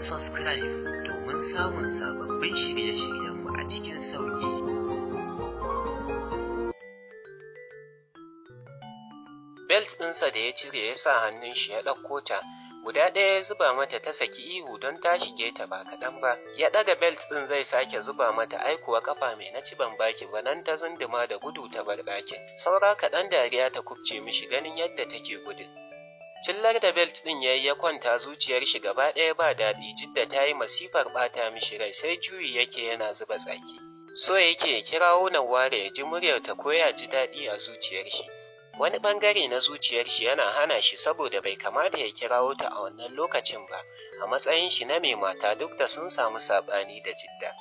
subscribe domin samun sababbin shirye-shiryenmu a cikin sauƙi. Belt ɗinsa da ya cire ya sa hannun shi ya ɗauko ta, guda ɗaya ya zuba mata ta saki ihu don ta shige ta ba kaɗan ba, ya ɗaga belt ɗin zai sake zuba mata aikuwa ƙafa mai na ban baki ba nan ta zunduma da gudu ta bar ɗakin, saura kaɗan dariya ta kubce mishi ganin yadda take gudun. Cillar da belt ɗin yayi ya kwanta zuciyar shi gaba ɗaya ba daɗi jidda ta yi masifar ɓata mishi rai sai juyi yake yana zuba tsaki. So yake ya kirawo Nawware ya ji muryarta ko ya ji daɗi a zuciyar shi. Wani ɓangare na zuciyar shi yana hana shi saboda bai kamata ya kirawo ta a wannan lokacin ba, a matsayin shi na mai mata duk da sun samu saɓani da jidda.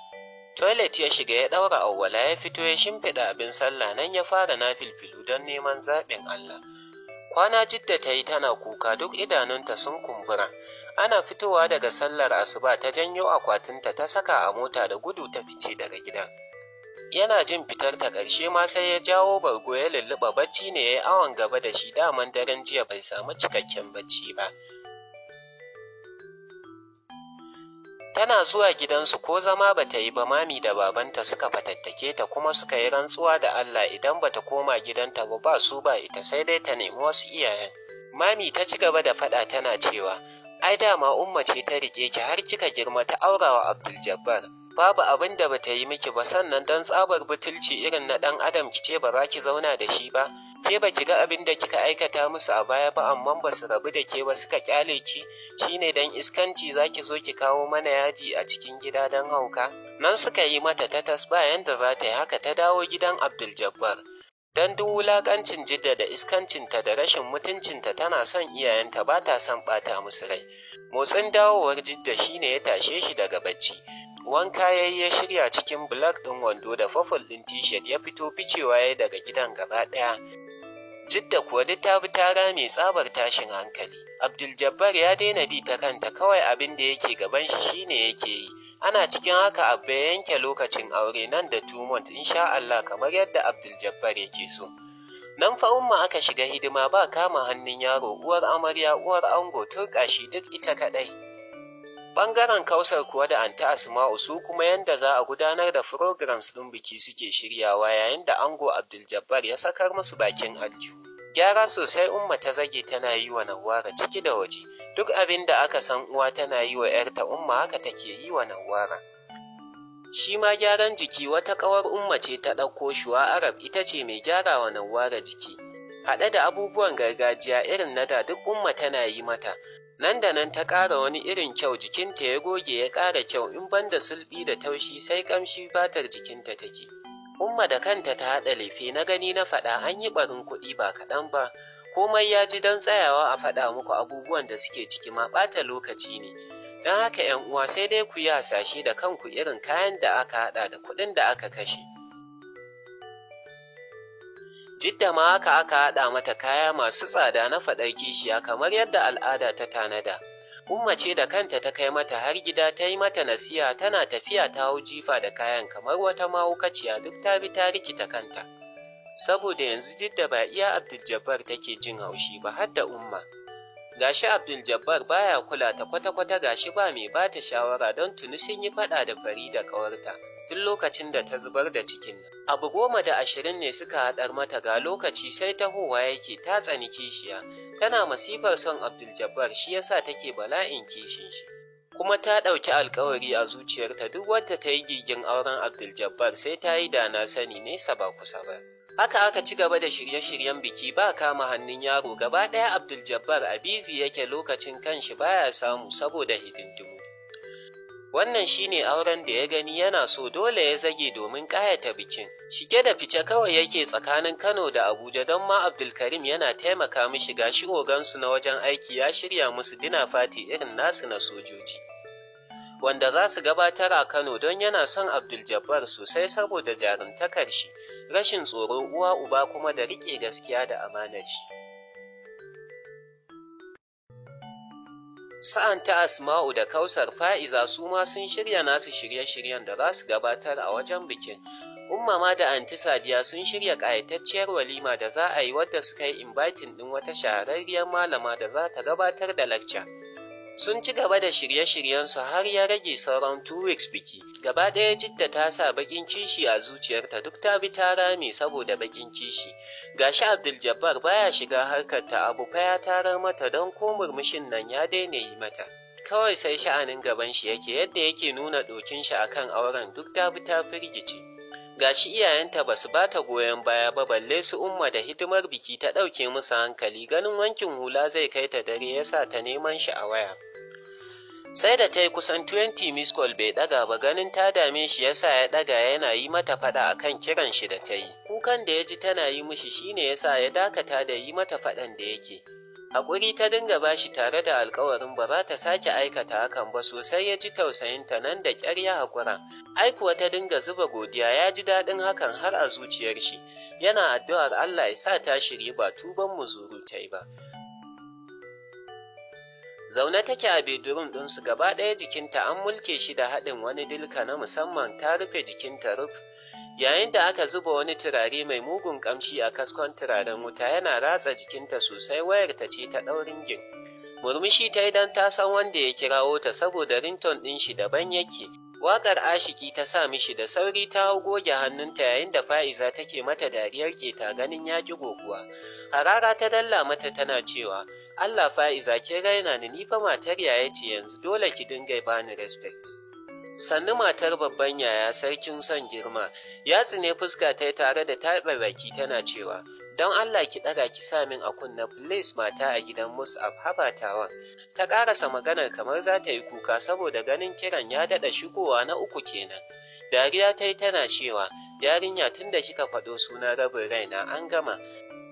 Toilet ya shiga ya ɗaura awwala ya fito ya shimfiɗa abin sallah nan ya fara na filfilu don neman zaɓin Allah. Kwana Jidda ta yi tana kuka duk idanunta sun kumbura. Ana fitowa daga sallar asuba ta janyo akwatinta ta saka a mota da gudu ta fice daga gidan. Yana jin fitar ta ƙarshe ma sai ya jawo bargo ya lulluɓa bacci ne ya yi awon gaba da shi daman daren jiya bai samu cikakken bacci ba. Tana zuwa gidansu ko zama ba ta yi ba mami da babanta suka fatattake ta kuma suka yi rantsuwa da Allah idan ba ta koma gidanta ba ba su ba ita sai dai ta nemi wasu iyayen. Mami ta ci gaba da faɗa tana cewa, ai dama umma ce ta rike ki har kika girma ta aurawa Abdul Jabbar. Babu abin da ba ta yi miki ba sannan don tsabar butulci irin na ɗan adam ki ce ba za ki zauna da shi ba. Ke ba ki ga abin da kika aikata musu a baya ba amma ba su rabu da ke ba suka kyale ki shine dan iskanci za ki zo ki kawo mana yaji a cikin gida dan hauka. Nan suka yi mata tatas ba yanda za ta yi haka ta dawo gidan Abdul Jabbar. dan duk wulakancin jidda da iskancinta da rashin mutuncinta tana son iyayenta ba ta son bata musu rai. Motsin dawowar jidda shine ya tashe shi daga bacci. wanka ya ya shirya cikin black ɗin wando da fafol ɗin t-shirt ya fito ficewa ya daga gidan gaba ɗaya Jidda kuwa duk ta bi ta rame tsabar tashin hankali. Abdul Jabbar ya daina bi ta kanta kawai abin da yake gaban shi shine yake yi. Ana cikin haka Abba ya yanke lokacin aure nan da two months insha Allah kamar yadda Abdul Jabbar yake so. Nan fa umma aka shiga hidima ba kama hannun yaro uwar amarya uwar ango turƙashi, duk ita kaɗai. Ɓangaren Kausar kuwa da Anty Asma'u su kuma yadda za a gudanar da programs ɗin biki suke shiryawa yayin da ango Abdul ya sakar musu bakin aljihu. Gyara sosai Umma ta zage tana yi wa nawara ciki da waje, duk abin da aka san uwa tana yi wa ‘yarta Umma haka take yi wa nawara Shi ma gyaran jiki wata ƙawar Umma ce ta ɗauko shuwa Arab ita ce mai gyara wa nawara jiki, haɗe da abubuwan gargajiya irin na da duk Umma tana yi mata, Nan da nan ta ƙara wani irin kyau jikinta ya goge ya ƙara kyau in ban da sulɓi da taushi sai ƙamshi fatar jikinta take. Umma da kanta ta haɗa lefe na gani na faɗa an yi ɓarin kuɗi ba kaɗan ba, komai ya ji don tsayawa a faɗa muku abubuwan da suke ciki ma ɓata lokaci ne. Don haka ‘yan uwa sai dai ku yi hasashe da kanku irin kayan da aka haɗa da kuɗin da aka kashe. Jidda ma haka aka haɗa mata kaya masu tsada na faɗar kishiya kamar yadda al'ada ta tanada. Umma ce da kanta ta kai mata har gida ta yi mata nasiha tana tafiya ta hau jifa da kayan kamar wata mahaukaciya duk ta bi ta rikita kanta. Saboda yanzu Jidda ba iya Abdul Jabbar take jin haushi ba har da Umma. Gashi Abdul Jabbar baya kula ta kwata-kwata gashi ba mai bata shawara don tuni sun yi faɗa da da ƙawarta tun lokacin da ta zubar da cikin nan. abu goma da ashirin ne suka haɗar mata ga lokaci sai tahowa yake ta tsani kishiya tana masifar son abdul jabbar shi yasa take bala'in kishin shi kuma ta ɗauki alkawari a zuciyarta duk wadda ta yi gigin auren abdul sai ta yi da na sani nesa ba kusa ba haka aka ci gaba da shirye-shiryen biki ba kama hannun yaro gaba ɗaya abdul jabbar a bizi yake lokacin kan kanshi baya samu saboda hidindimu Wannan shi ne auren da ya gani yana so dole ya zage domin ƙayata bikin. Shige da fice kawai yake tsakanin Kano da Abuja don ma Abdulkarim yana taimaka mishi shi ogansu na wajen aiki ya shirya musu dina fati irin nasu na sojoji. Wanda za su gabatar a Kano don yana son Abdul sosai saboda jarumtakar shi, rashin tsoro uwa uba kuma da riƙe gaskiya da amanar shi. Sa'an ta Asma'u da Kausar Fa'iza su ma sun shirya nasu shirye-shiryen da za su gabatar a wajen bikin. ummama da Anti Sadiya sun shirya ƙayatacciyar walima da za a yi wadda suka yi imbatin ɗin wata shahararriyar malama da za ta gabatar da lacca. sun ci gaba da shirye-shiryensu har ya rage sauran two weeks biki gaba ɗaya jidda ta sa bakin kishi a zuciyarta duk ta bi ta rame saboda bakin kishi gashi abdul jabbar baya shiga harkar ta abu fa ya tarar mata don ko murmushin nan ya daina yi mata kawai sai sha'anin gaban shi yake yadda yake nuna ɗokin shi akan auren duk ta bi ta firgice gashi iyayenta ba su bata goyon baya ba balle su umma da hidimar biki ta ɗauke musu hankali ganin wankin hula zai kai ta dare yasa ta neman shi a waya Sai da ta yi kusan 20 miss call bai daga ba ganin ta dame shi yasa ya daga yana yi mata faɗa akan kiran shi da ta yi. Kukan da ya ji tana yi mishi shine yasa ya dakata da yi mata faɗan da yake. Hakuri ta dinga bashi tare da alkawarin ba za ta sake aikata hakan ba sosai ya ji tausayin ta nan da ƙyar ya hakura Ai ta dinga zuba godiya ya ji daɗin hakan har a zuciyar shi. Yana addu'ar Allah ya sa ta shiri ba tuban muzuru ta yi ba. Zaune take a bedroom su gaba ɗaya jikinta an mulke shi da haɗin wani dilka na musamman ta rufe jikinta ruf. Yayin da aka zuba wani turare mai mugun ƙamshi a kaskon turaren wuta yana ratsa jikinta sosai wayarta ce ta ɗaurin gin. Murmushi ta idan ta san wanda ya kirawo ta saboda rington ɗin shi daban yake. Waƙar ashiki ta sa mishi da sauri ta hau goge hannunta yayin da fa'iza take mata dariyar keta ganin ya ƙi goguwa. Harara ta dalla mata tana cewa, Allah fa'iza ke raina ni ni fa matar yaya ce yanzu dole ki dinga ba ni respect. Sannu matar babban yaya sarkin son girma ya tsine fuska ta tare da taɓa baki tana cewa don Allah ki ɗaga ki sa min a kunna please mata a gidan Mus'ab habatawa. Ta ƙarasa maganar kamar za ta yi kuka saboda ganin kiran ya daɗa shigowa na uku kenan. Dariya ta yi tana cewa yarinya tun da kika faɗo suna rabin raina an gama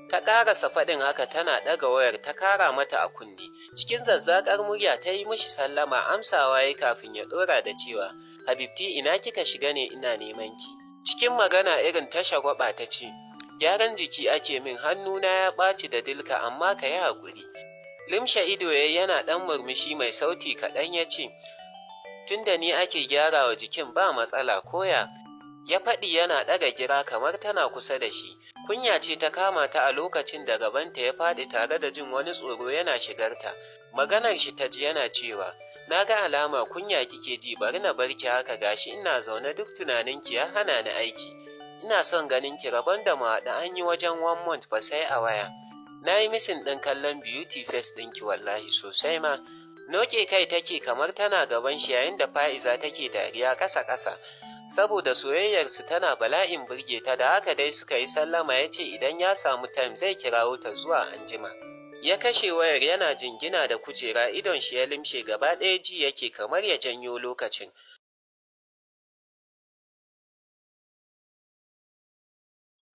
Ta karasa faɗin haka tana ɗaga wayar ta kara mata a kunne, cikin zazzakar murya ta yi mishi sallama amsawa ya kafin ya ɗora da cewa, Habibti ina kika shiga ne ina neman ki. Cikin magana irin ta shagwaɓa ta ce, Gyaran jiki ake min hannuna ya ɓaci da dilka amma ka yi haƙuri. Limsha ido ya yana ɗan murmushi mai sauti kaɗan ya ce, Tunda ni ake gyara wa jikin ba matsala koya, ya faɗi yana ɗaga gira kamar tana kusa da shi, Kunya ce ta kama ta a lokacin da gabanta ya faɗi tare da jin wani tsoro yana shigarta. Maganar shi ta ji yana cewa, Na ga alama kunya kike ji bari na bar ki haka gashi ina zaune duk tunaninki ya hana ni aiki. Ina son ganin ki rabon da mu an yi wajen one month ba sai a waya. Na yi misin ɗin kallon beauty face ki, wallahi sosai ma. Noke kai take kamar tana gaban shi yayin da fa'iza take dariya ƙasa-ƙasa. saboda soyayyarsu tana bala'in burge ta da haka dai suka yi sallama ya ce idan ya samu time zai kirawo ta zuwa anjima. Ya kashe wayar yana jingina da kujera idon shi ya limshe gaba ɗaya ji yake kamar ya janyo lokacin.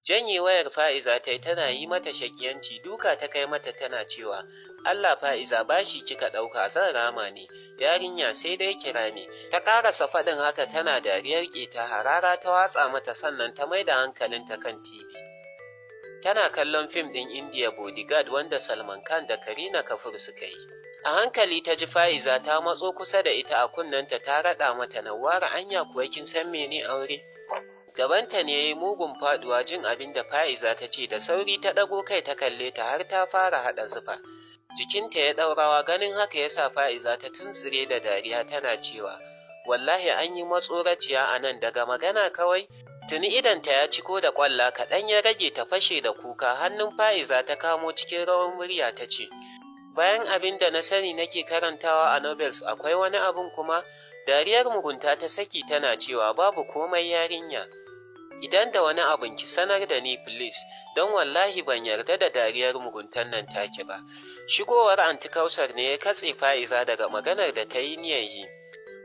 Janye wayar fa'iza ta yi tana yi mata shakiyanci duka ta kai mata tana cewa Allah fa'iza bashi kika ɗauka zan rama ne, yarinya sai dai kira ne, ta ƙarasa faɗin haka tana dariyar ƙeta harara ta watsa mata sannan ta maida da ta kan TV. Tana kallon fim ɗin India Bodyguard wanda Salman Khan da Karina Kafur suka yi. A hankali ta ji fa'iza ta matso kusa da ita a kunnenta ta raɗa mata nawara anya kuwa kin san mene aure. gabanta ne ya yi mugun faɗuwa, jin abin da fa'iza ta ce da sauri ta ɗago kai ta kalle ta har ta fara haɗa zufa Jikinta ya ɗau rawa ganin haka ya sa Fa'iza ta tuntsire da dariya tana cewa, Wallahi an yi matsoraciya a nan daga magana kawai, tuni idanta ya ciko da ƙwalla kaɗan ya rage ta fashe da kuka hannun Fa'iza ta kamo cikin rawar murya ta ce, Bayan abin da na sani nake karantawa a Nobels akwai wani abin kuma, dariyar mugunta ta saki tana cewa babu komai yarinya. Idan da wani abin ki sanar da ni please, don wallahi ban yarda da dariyar muguntan nan take ba. Shigowar anti Kausar ne ya katse fa'iza daga maganar da ta yi niyan yi.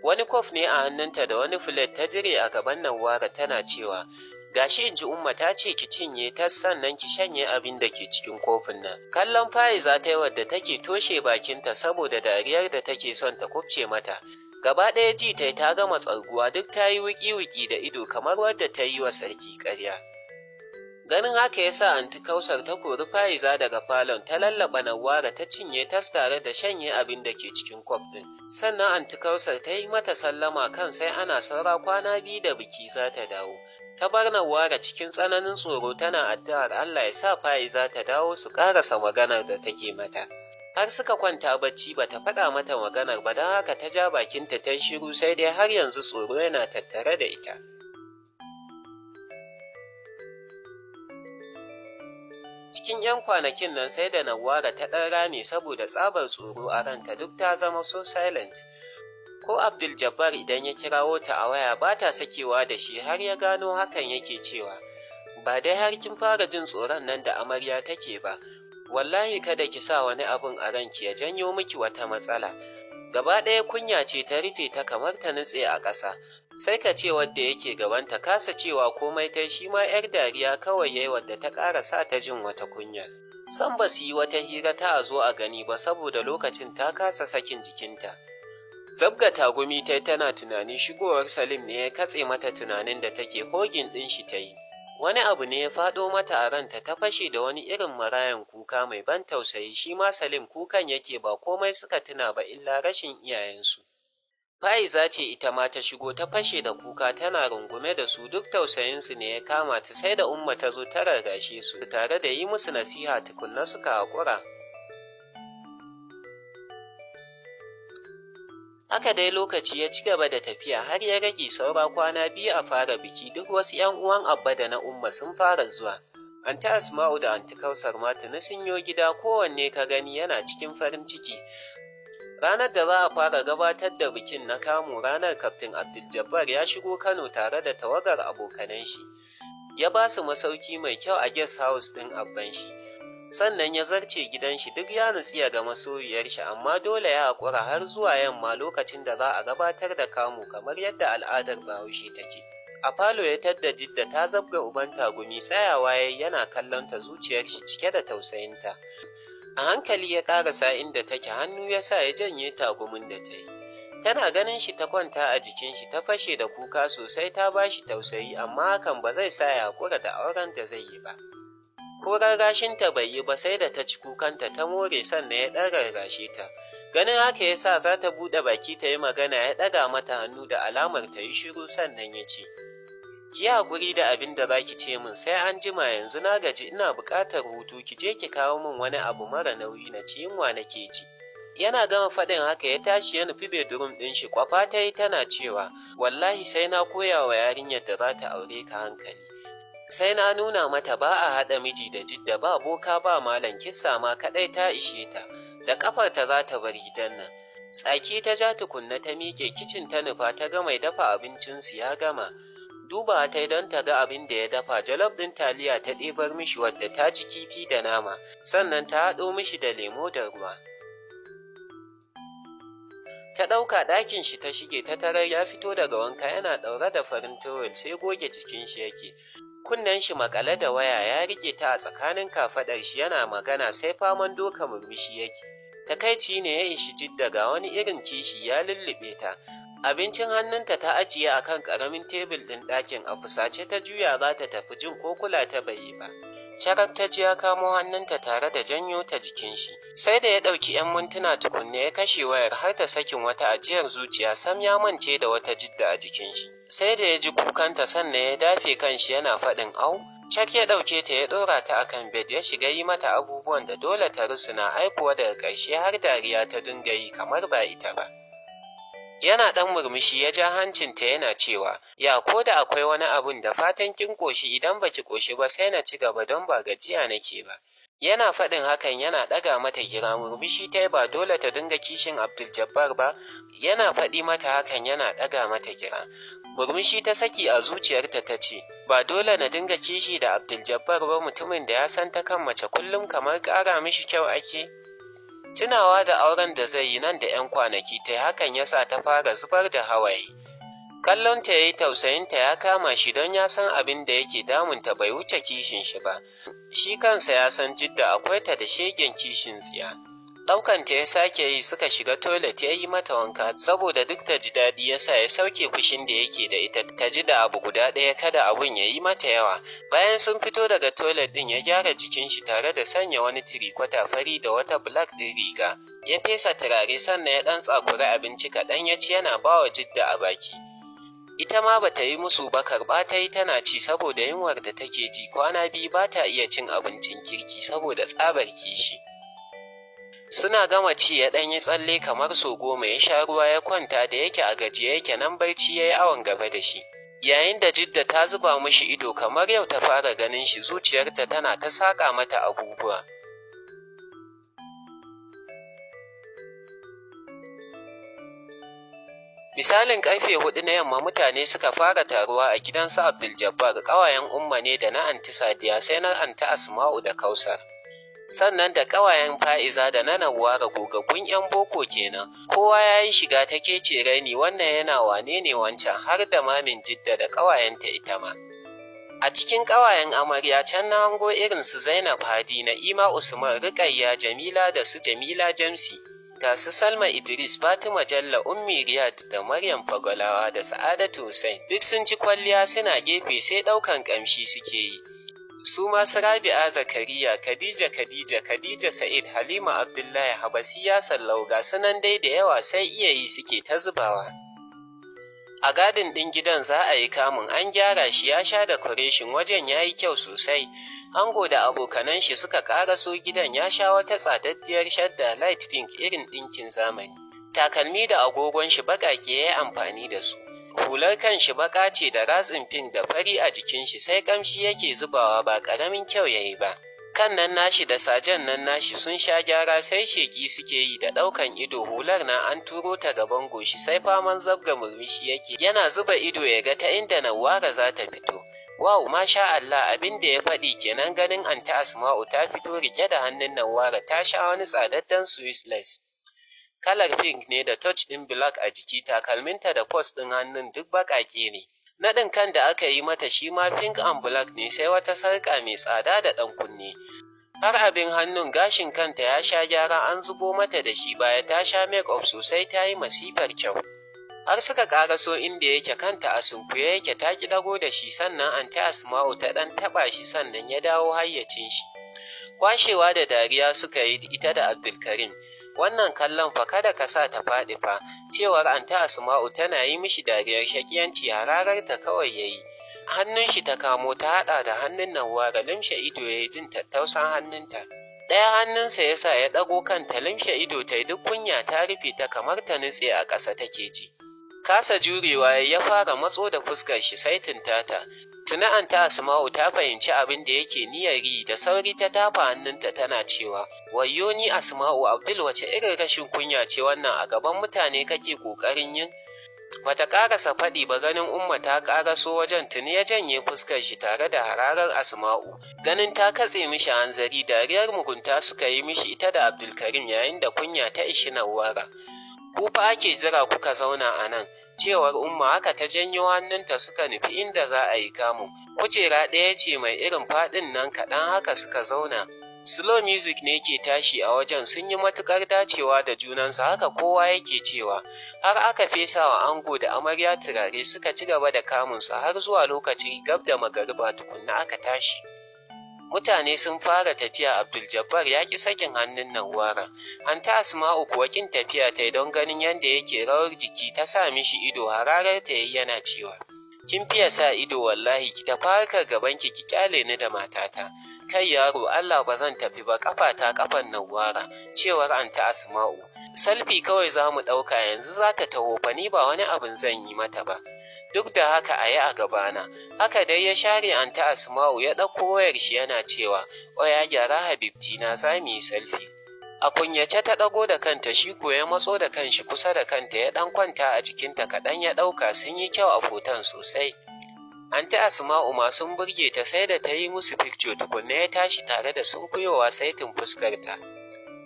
Wani kof ne a hannunta da wani filet ta dire a gaban nan wara tana cewa, gashi in ji umma ta ce ki cinye ta sannan ki shanye abin da ke cikin kofin nan kallon fa'iza ta yi wadda take toshe bakinta saboda dariyar da take son ta kubce mata Gaba ɗaya ji tai ta gama tsarguwa duk ta yi wiki-wiki da ido kamar wadda ta yi wa sarki ƙarya. Ganin haka ya sa anti kausar ta kori fa'iza daga falon ta lallaɓa nawara ta cinye tas tare da shanye abin da ke cikin kwaf ɗin. Sannan anti kausar ta yi mata sallama kan sai ana saura kwana biyu da biki za ta dawo. Ta bar nawara cikin tsananin tsoro tana addu'ar Allah ya sa fa'iza ta dawo su ƙarasa maganar da take mata. har suka kwanta bacci ba ta faɗa mata maganar ba don haka ta ja bakinta ta shiru sai dai har yanzu tsoro yana tattare da ita. Cikin 'yan kwanakin nan sai da Nawara ta ɗan rame saboda tsabar tsoro a ranta duk ta zama so silent. Ko Abdul Jabbar idan ya kirawo ta a waya ba ta sakewa da shi har ya gano hakan yake cewa, ba dai har kin fara jin tsoron nan da amarya take ba, wallahi kada ki sa wani abin a ranki ya janyo miki wata matsala gaba ɗaya kunya ce ta rufe ta kamar ta nutse a ƙasa sai ka ce wadda yake gabanta kasa cewa komai ta shi ma 'yar dariya kawai yayi wadda ta ƙara sa ta jin wata kunyar san ba su yi wata hira ta a zo a gani ba saboda lokacin ta kasa sakin jikinta zabga tagumi ta tana tunani shigowar salim ne ya katse mata tunanin da take hogin ɗin shi ta yi Wani abu ne ya faɗo mata a ranta ta fashe da wani irin marayan kuka mai ban tausayi shi ma Salim kukan yake ba komai suka tuna ba illa rashin iyayensu. Fa'iza ce ita ma ta shigo ta fashe da kuka tana rungume da su duk tausayinsu ne ya kama ta sai da umma ta zo ta rarrashe su tare da yi musu nasiha tukunna suka haƙura. Haka dai lokaci ya ci gaba da tafiya har ya rage saura kwana biyu a fara biki duk wasu ‘yan uwan Abba da na Umma sun fara zuwa. ta Asma'u da Anti Kausar mata na sun gida kowanne ka gani yana cikin farin ciki. Ranar da za a fara gabatar da bikin na kamu ranar Kaftin Abdul ya shigo Kano tare da tawagar abokanan shi. Ya ba su masauki mai kyau a guest house ɗin abban shi. sannan ya zarce gidan shi duk ya nutsiya ga masoyiyar shi amma dole ya haƙura har zuwa yamma lokacin da za a gabatar da kamu kamar yadda al'adar bahaushe take a falo ya tadda jidda ta zabga uban tagumi tsayawa yayi yana kallon ta zuciyar shi cike da tausayinta a hankali ya ƙarasa inda take hannu ya sa ya janye tagumin da ta yi tana ganin shi ta kwanta a jikin shi ta fashe da kuka sosai ta bashi tausayi amma hakan ba zai sa ya haƙura da auren da zai yi ba ko ta bai yi ba sai da ta ci kukanta ta more sannan ya ɗaga ta. Ganin haka ya sa za ta buɗe baki ta yi magana ya ɗaga mata hannu da alamar ta yi shiru sannan ya ce, Ki guri da abin da za ki ce min sai an jima yanzu na gaji ina buƙatar hutu ki je ki kawo min wani abu mara nauyi na ci yunwa na ke ci. Yana gama faɗin haka ya tashi ya nufi bedroom ɗin shi kwafa ta yi tana cewa wallahi sai na koya wa yarinyar da za ta aure ka hankali. sai na nuna mata ba a haɗa miji da jidda ba boka ba malam kissa ma kaɗai ta ishe ta da ƙafarta za ta bari gidan nan tsaki ta ja tukunna ta miƙe kicin ta nufa ta ga mai dafa abincinsu ya gama duba ta don ta ga abin da ya dafa jalof ɗin taliya ta ɗebar mishi wadda ta ci kifi da nama sannan ta haɗo mishi da lemo da ruwa ta ɗauka ɗakin shi ta shige ta tarar ya fito daga wanka yana ɗaure da farin towel sai goge jikin shi yake kunnen shi makale da waya ya rike ta a tsakanin kafaɗar shi yana magana sai faman doka murmushi yake takaici ne ya ishi jidda ga wani irin kishi ya lullube ta abincin hannunta ta ajiye a kan ƙaramin tebul ɗin ɗakin a fusace ta juya za ta tafi jin ko kula ta bai yi ba Charar ta ji ya kamo hannunta tare da janyo ta jikin shi, sai da ya ɗauki ‘yan mintuna tukunne ya kashe wayar har ta sakin wata ajiyar zuciya sam ya mance da wata jidda a jikin shi. sai da ya ji kukanta sannan ya dafe kanshi yana faɗin au cak ya ɗauke ta ya ɗora ta akan bed ya shiga yi mata abubuwan da dole ta rusu rusuna aikuwa daga ƙarshe har dariya ta dinga yi kamar ba ita ba yana ɗan murmushi ya ja hancinta yana cewa ya ko da akwai wani abun da fatan kin ƙoshi idan baki ƙoshi ba sai na ci gaba don ba gajiya nake ba yana faɗin hakan yana ɗaga mata gira murmushi ta ba dole ta dinga kishin abdul jabbar ba yana faɗi mata hakan yana ɗaga mata gira Murmushi ta saki a zuciyarta ta ce, Ba dole na dinga kishi da Abdul ba mutumin da ya san ta kan mace kullum kamar ƙara mishi kyau ake. Tunawa da auren da zai yi nan da ‘yan kwanaki ta hakan ya sa ta fara zubar da hawaye. Kallon ta ya yi tausayinta ya kama shi don ya san abin da yake damunta bai wuce kishin shi ba. Shi kansa ya san jidda akwai ta da shegen kishin tsiya. Daukan ta ya sake yi suka shiga toilet ya yi mata wanka saboda duk ta ji daɗi ya sa ya sauke fushin da yake da ita ta ji da abu guda ɗaya kada abun ya yi mata yawa. Bayan sun fito daga toilet ɗin ya gyara jikin shi tare da sanya wani tirikwata fari da wata black ɗin riga. Ya fesa turare sannan ya ɗan tsakuri abinci kaɗan ya ci yana ba wa jidda a baki. Ita ma ba yi musu ba karɓa ta yi tana ci saboda yunwar da take ji kwana biyu ba ta iya cin abincin kirki saboda tsabar kishi. Suna gama ci ya ɗan yi tsalle kamar so goma ya sha ruwa ya kwanta da yake a gajiye yake nan barci ya yi awon gaba da shi. Yayin da Jidda ta zuba mishi ido kamar yau ta fara ganin shi zuciyarta tana ta saƙa mata abubuwa. Misalin karfe hudu na yamma mutane suka fara taruwa a gidan su Abdul Jabbar ƙawayen Umma ne da na Anti Sadiya sai na Anti Asma'u da Kausar. sannan da ƙawayen Fa'iza da na ga gogaggun 'yan boko kenan, kowa ya yi shiga ta kece raini wannan yana wane ne wancan har da mamin jidda da ƙawayenta ita ma. A cikin ƙawayen amarya can na hango irin su Zainab Hadi na Ima Usman Rukayya Jamila da su Jamila Jamsi, ga su Salma Idris Fatima Jalla Ummi Riyad da Maryam Fagalawa da Sa'adatu Hussein duk sun ci kwalliya suna gefe sai ɗaukan ƙamshi suke yi. su masu rabi'a zakariya khadija khadija khadija sa'id halima abdullahi habasiya sallau ga sunan dai da yawa sai iya yi suke ta zubawa a gadin ɗin gidan za a yi kamun an gyara shi ya sha da kureshin wajen ya yi kyau sosai ango da abokanan shi suka so gidan ya sha wata tsadaddiyar shadda light pink irin ɗinkin zamani takalmi da agogon shi baƙaƙe ya yi amfani da su Hular kanshi baƙa ce da ratsin pink da fari a jikin shi sai kamshi yake zubawa ba ƙaramin kyau yayi ba. Kan nan nashi da sajan nan nashi sun sha gyara sai sheƙi suke yi da ɗaukan ido hular na an turo ta gaban goshi sai faman zabga murmushi yake yana zuba ido ya ga ta inda Nauwara za ta fito. Wow, masha Allah abin da ya faɗi kenan ganin Anta Asma'u ta fito rike da hannun nawara ta sha wani tsadaddan Swiss Kalar pink ne da touch ɗin black a jiki takalminta da kwas ɗin hannun duk baƙaƙe ne. Naɗin kan da aka yi mata shi ma pink and black ne sai wata sarƙa mai tsada da ɗan kunne. Har abin hannun gashin kanta ya sha gyara an zubo mata da shi baya ta sha make-up sosai ta yi masifar kyau. Har suka ƙaraso inda yake kanta a sunkuye yake ta ki ɗago da shi sannan anti Asma'u ta ɗan taɓa shi sannan ya dawo hayyacin shi. Kwashewa da dariya suka yi ita da Abdulkarim wannan kallon fa kada ka sa ta faɗi fa cewar anta asma'u tana yi mishi dariyar shakiyanci hararar ta kawai yi. hannun shi ta kamo ta haɗa da hannun nan wara limshe ido ya yi jin tattausan hannunta ɗaya hannunsa ya sa ya ɗago kanta limshe ido ta yi duk kunya ta rufe ta kamar ta nutse a ƙasa take ji kasa jurewa ya fara matso da fuskar shi saitin tata Tuna ta Asma'u ta fahimci abin da yake niyyar yi da sauri ta tafa hannunta tana cewa, Wayyo ni Asma'u Abdul wace irin rashin kunya ce wannan a gaban mutane kake ƙoƙarin yin? Bata ƙarasa faɗi ba ganin Umma ta ƙaraso wajen tuni ya janye fuskar shi tare da hararar Asma'u. Ganin ta katse mishi hanzari dariyar mugunta suka yi mishi ita da Abdulkarim yayin da kunya ta ishi wara. Ku fa ake jira kuka zauna a nan, cewar Umma haka ta janyo hannunta suka nufi inda za a yi kamu. Kujera ɗaya ce mai irin faɗin nan kaɗan haka suka zauna. Slow music ne ke tashi a wajen sun yi matuƙar dacewa da junansu haka kowa yake cewa, har aka fesa wa ango da amarya turare suka ci gaba da kamunsa har zuwa lokaci gab da magariba tukunna aka tashi. Mutane sun fara tafiya Abdul Jabbar ya ƙi sakin hannun an ta Asma'u kuwa kin tafiya ta don ganin yadda yake rawar jiki ta sa mishi ido hararar ta yayi yana cewa. Kin fiya sa ido wallahi ki tafi harkar gaban ki ki kyale ni da matata. Kai yaro Allah ba zan tafi ba kafa ta kafan wara, cewar ta Asma'u. Salfi kawai za mu ɗauka yanzu za ta taho fa ni ba wani abin zan yi mata ba. duk da haka a yi a gabana haka dai ya share an ta asma'u ya ɗauko wayar shi yana cewa oya gyara habibti na za mu yi salfi?' a kunyace ta ɗago da kanta shi ko ya matso da kanshi kusa da kanta ya ɗan kwanta a jikinta kaɗan ya ɗauka sun yi kyau a foton sosai An anti asma'u ma sun burge ta sai da ta yi musu fikco tukunna ya tashi tare da sunkuyowa saitin fuskarta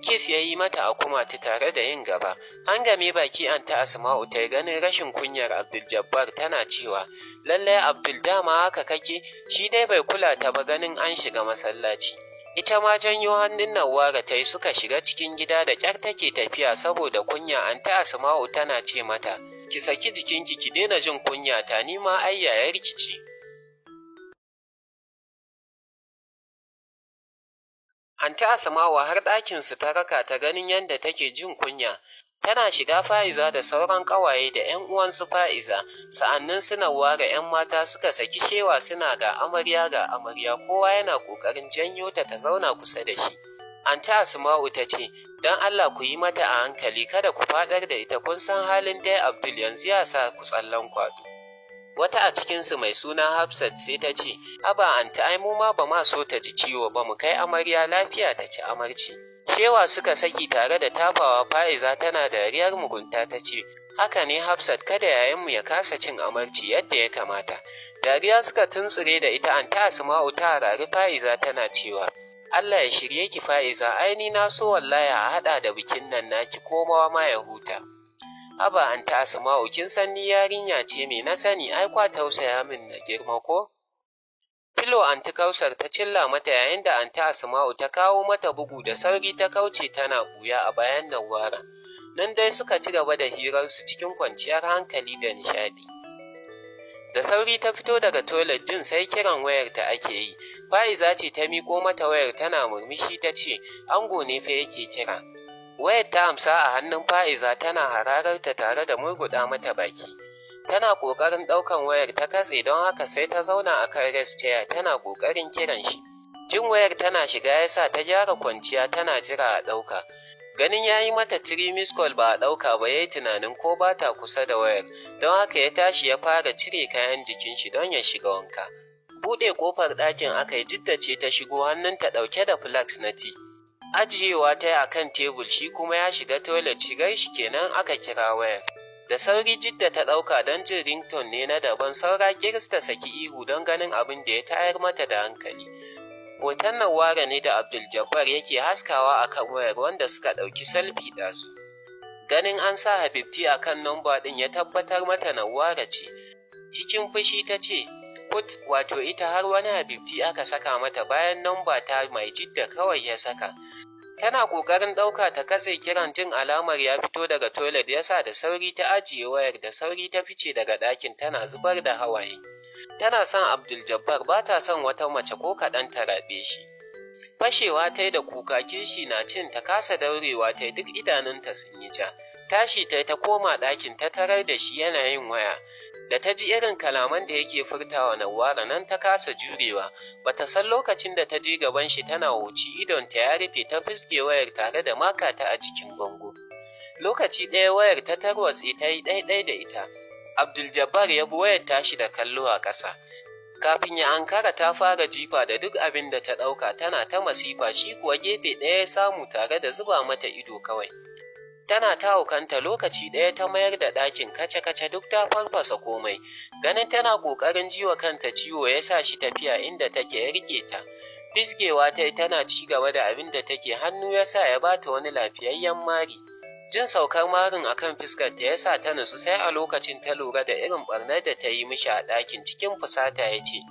Kis ya yi mata a ta tare da yin gaba. An game baki an ta Asma'u ta ganin rashin kunyar Abdul tana cewa lallai Abdul dama haka kake shi dai bai kula ta ba ganin an shiga masallaci. Ita ma janyo hannun nawara ta yi suka shiga cikin gida da ƙyar take tafiya saboda kunya an ta Asma'u tana ce mata ki saki jikinki ki daina jin kunya ta ni ma ai yayarki ce. Anti Asamawa har ɗakinsu ta raka ta ganin yadda take jin kunya. Tana shiga Fa'iza da sauran ƙawaye da ‘yan uwansu Fa'iza, sa'annin suna ware ‘yan mata suka saki shewa suna ga amarya ga amarya kowa yana ƙoƙarin janyo ta ta zauna kusa da shi. Anti Asamawa ta ce, Don Allah ku yi mata a hankali kada ku faɗar da ita kun san halin dai Abdul yanzu ya sa ku tsallan kwaɗo. Wata a cikinsu mai suna Hafsat sai ta ce, Aba anta ai mu ma ba ma so ta ji ciwo ba mu kai amarya lafiya ta ci amarci. Shewa suka saki tare da tafawa fa'iza tana dariyar mugunta ta ce, Haka ne Hafsat kada yayanmu ya kasa cin amarci yadda ya kamata. Dariya suka tuntsure da ita an ta Asma'u ta rari fa'iza tana cewa, Allah ya shirye ki fa'iza, ai ni na so wallahi a haɗa da bikin nan naki komawa ma ya huta. Haba anti Asma'u kin san ni yarinya ce me na sani ai kwa tausaya min na girma ko? Filo anti Kausar ta cilla mata yayin da anti Asma'u ta kawo mata bugu da sauri ta kauce tana buya a bayan wara Nan dai suka ci gaba da hirar su cikin kwanciyar hankali da nishaɗi. Da sauri ta fito daga toilet jin sai kiran wayar wayarta ake yi. Fa'iza ce ta miƙo mata wayar tana murmushi ta ce, Ango ne fa yake kira. Wayar ta amsa a hannun Fa'iza tana hararta tare da murguɗa mata baki. Tana ƙoƙarin ɗaukan wayar ta katse don haka sai ta zauna a kan rest chair tana ƙoƙarin kiran shi. Jin wayar tana shiga ya sa ta gyara kwanciya tana jira a ɗauka. Ganin ya yi mata three call ba a ɗauka ba ya yi tunanin ko ba ta kusa da wayar, don haka ya tashi ya fara cire kayan jikin shi don ya shiga wanka. Buɗe ƙofar ɗakin aka yi jidda ce ta shigo hannunta ɗauke da flags na tea. Ajiyewa ta yi a kan tebur shi kuma ya shiga toilet shigar shi kenan aka kira wayar. Da sauri Jidda ta ɗauka don jin rington ne na daban saura kirista saki ihu don ganin abin da ya tayar mata da hankali. Hoton nan ware ne da Abdul Jabbar yake haskawa a kan wayar wanda suka ɗauki salfi ɗasu. Ganin an sa Habibti a kan nomba ɗin ya tabbatar mata ware ce. Cikin fushi ta ce, Put wato ita har wani Habibti aka saka mata bayan nomba ta mai jidda kawai ya saka. Tana ƙoƙarin ɗauka ta katse kiran jin alamar ya fito daga toilet yasa da sauri ta ajiye wayar da sauri ta fice daga ɗakin tana zubar da hawaye. Tana son Abdul Jabbar ba ta son wata mace ko kaɗan ta raɓe shi. Fashewa ta da kuka kishi na cin ta kasa daurewa ta duk idanunta sun yi ja. Tashi ta ta koma ɗakin ta tarar da shi yana yin waya. da ta ji irin kalaman da yake furtawa Nawwara nan ta kasa jurewa, ba ta san lokacin da ta je gaban shi tana wuci idon ta ya rufe ta fiske wayar tare da maka ta a jikin bango. Lokaci ɗaya wayar ta tarwatse ta yi ɗaiɗai da ita. Abdul Jabbar ya bi wayar tashi da kallo a ƙasa. Kafin ya ankara ta fara jifa da duk abin da ta ɗauka tana ta masifa shi kuwa gefe ɗaya ya samu tare da zuba mata ido kawai. tana ta haukanta lokaci ɗaya ta mayar da ɗakin kace-kace duk ta farfasa komai ganin tana ƙoƙarin jiwa kanta ciwo ya sa shi tafiya inda take ya rike ta fisgewa ta yi tana ci gaba da abin da take hannu ya sa ya ba ta wani lafiyayyen mari jin saukar marin akan kan ta ya sa ta nutsu sai a lokacin ta lura da irin ɓarnar da ta yi mishi a ɗakin cikin fusata ya ce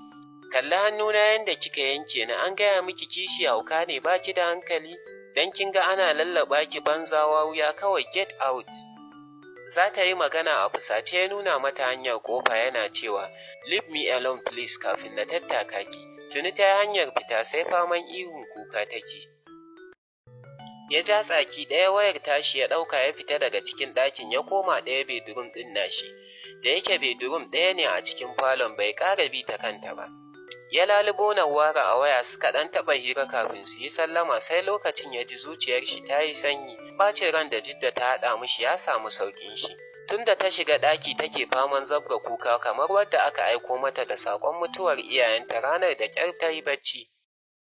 kalli hannuna yadda kika yanke ni an gaya miki kishi hauka ne ba ki da hankali Idan kin ga ana lallaba ki banzawa wuya kawai get out. Za ta yi magana a fusace ya nuna mata hanyar kofa yana cewa leave me alone please kafin na tattaka ki. Tuni ta hanyar fita sai faman ihun kuka take. Ya ja tsaki ɗaya wayar tashi ya ɗauka ya fita daga cikin ɗakin ya koma ɗaya bedroom ɗin nashi. Da yake bedroom ɗaya ne a cikin falon bai ƙara bi ta kanta ba. Ya lalubo Nawara a waya suka ɗan taɓa hira kafin su yi sallama sai lokacin ya ji zuciyar shi ta yi sanyi, ɓacin ran da jidda ta haɗa mishi ya samu sauƙin shi. Tunda ta shiga ɗaki take faman zabga kuka kamar wadda aka aiko mata da sakon mutuwar iyayenta ranar da ƙyar ta yi bacci.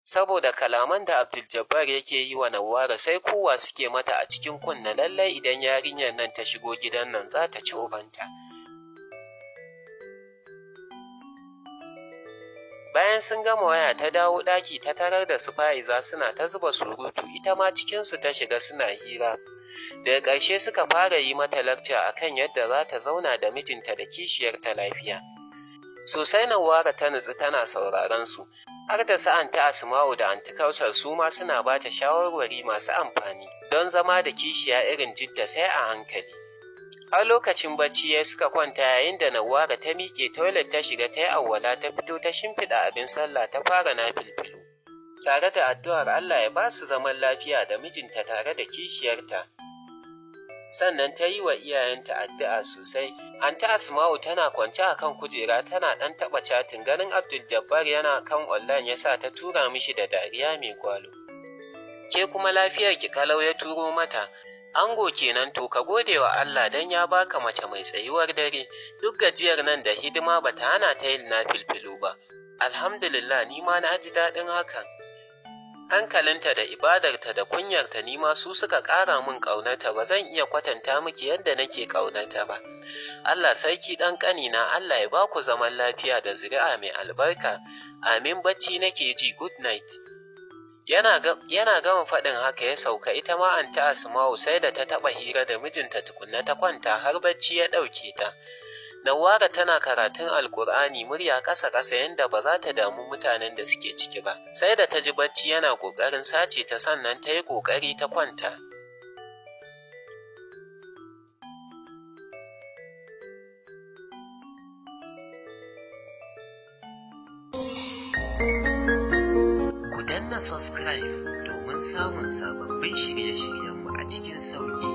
Saboda kalaman da Abdul yake yi wa Nawara, sai kowa suke mata a cikin kunna lallai idan yarinyar nan ta shigo gidan nan za ta ci ubanta. Bayan sun gama waya ta dawo ɗaki ta tarar da su fa'iza suna ta zuba surutu ita ma cikinsu ta shiga suna hira. Daga ƙarshe suka fara yi mata lakca akan yadda za ta zauna da mijinta da kishiyar ta lafiya. Sosai na wara ta nutsu tana sauraron su, har da sa'an ta Asma'u da Antikausar su ma suna ba ta shawarwari masu amfani don zama da kishiya irin jidda sai a hankali. Har lokacin bacci ya suka kwanta yayin da Nawwara ta miƙe toilet ta shiga ta yi awwala ta fito ta shimfiɗa abin sallah ta fara nafilfilu. Tare da addu'ar Allah ya ba su zaman lafiya da mijinta tare da kishiyarta. Sannan ta yi wa iyayenta addu'a sosai. Anta Asma'u tana kwance a kan kujera tana ɗan taɓa catin ganin Abdul yana kan online ya sa ta tura mishi da dariya mai kwalo. Ke kuma lafiyar ki kalau ya turo mata, Ango kenan to ka gode wa Allah dan ya baka mace mai tsayuwar dare, duk gajiyar nan da hidima ba ta hana ta yin na filfilu ba. Alhamdulillah ni ma na ji daɗin hakan. Hankalinta da ibadarta da kunyarta ni ma su suka ƙara min ƙaunarta ba zan iya kwatanta miki yadda nake ƙaunarta ba. Allah sarki ɗan ƙanina Allah ya baku zaman lafiya da zuri'a mai albarka. Amin bacci nake ji good night. Yana gama faɗin haka ya sauka ita ma an ta Asma'u sai da ta taɓa hira da mijinta tukunna ta kwanta har bacci ya ɗauke ta. Nawara tana karatun Alƙur'ani murya ƙasa-ƙasa yadda ba za ta damu mutanen da suke ciki ba. Sai da ta ji bacci yana ƙoƙarin sace ta sannan ta yi ƙoƙari ta kwanta. ana subscribe domin samun sababbin shirye-shiryenmu a cikin sauƙi.